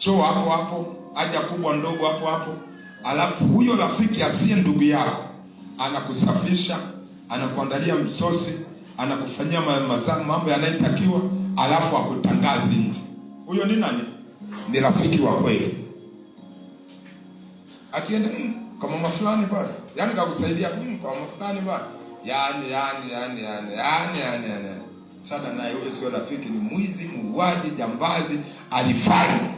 choo hapo hapo, haja kubwa ndogo hapo hapo, alafu huyo rafiki asiye ndugu yako anakusafisha, anakuandalia msosi, anakufanyia mambo yanayotakiwa, alafu akutangazi nje. Huyo ni nani? Ni rafiki wa kweli. Akienda mm, kwa mama fulani bwana, yani kakusaidia mm, kwa mama fulani bwana, yani yani yani yani yani yani yani, sana, yaani, yaani. naye huyo sio rafiki, ni mwizi, muuaji, jambazi, alifanya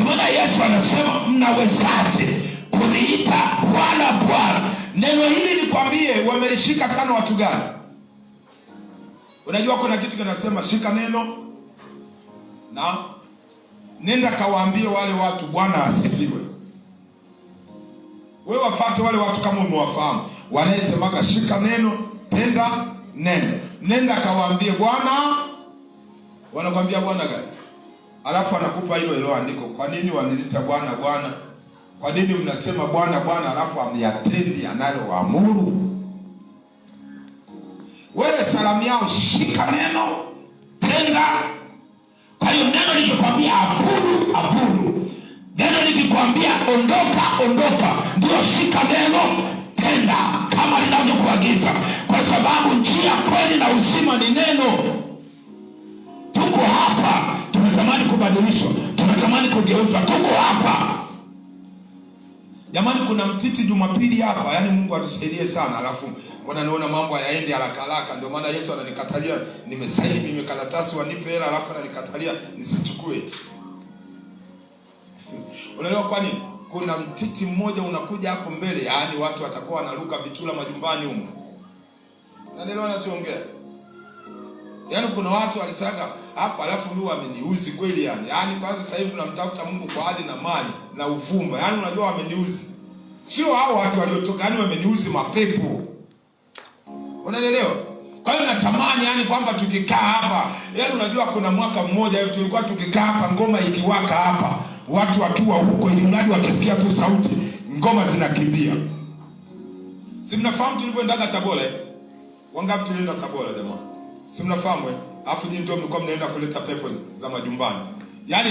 ndio maana Yesu anasema mnawezaje kuniita Bwana Bwana? Neno hili nikwambie, wamelishika sana watu gani? Unajua kuna kitu kinasema shika neno na nenda kawaambie wale watu Bwana asifiwe. Wewe wafate wale watu kama umewafahamu, wanayesemaga shika neno, tenda neno, nenda kawaambie Bwana. Wanakwambia Bwana gani? alafu anakupa hilo hilo andiko. Kwa nini wanilita Bwana Bwana? Kwa nini mnasema Bwana Bwana alafu amyatendi analoamuru? Wewe salamu yao, shika neno, tenda. Kwa hiyo neno likikwambia abudu, abudu. Neno likikwambia ondoka, ondoka. Ndio shika neno, tenda kama linavyokuagiza, kwa sababu njia, kweli na uzima ni neno. Tuko hapa kubadilishwa, tunatamani kugeuzwa, tuko hapa jamani. Kuna mtiti Jumapili hapa, yaani Mungu atusaidie sana. Alafu mbona naona mambo hayaendi haraka haraka? Ndio maana Yesu ananikatalia, nimesaini mimi karatasi, wanipe hela, alafu ananikatalia nisichukue eti. Unaelewa kwa nini? Kuna mtiti mmoja unakuja hapo mbele, yaani watu watakuwa wanaruka vitula majumbani humo. Nanielewa nachoongea? Yaani kuna watu walisaga hapa alafu mimi wameniuzi kweli yani. Yaani kwanza sasa hivi tunamtafuta Mungu kwa hali na mali na uvumba. Yaani unajua wameniuzi. Sio hao watu waliotoka yani wameniuzi mapepo. Unaelewa? Kwa hiyo natamani yani kwamba tukikaa hapa, yaani unajua kuna mwaka mmoja hivi tulikuwa tukikaa hapa ngoma ikiwaka hapa, watu wakiwa huko ili mradi wakisikia tu sauti, ngoma zinakimbia. Si mnafahamu tulivyoendaga Tabora? Eh? Wangapi tulienda Tabora jamani? si mnafahamu eh? Afu nyinyi ndio mlikuwa mnaenda kuleta pepo za majumbani yaani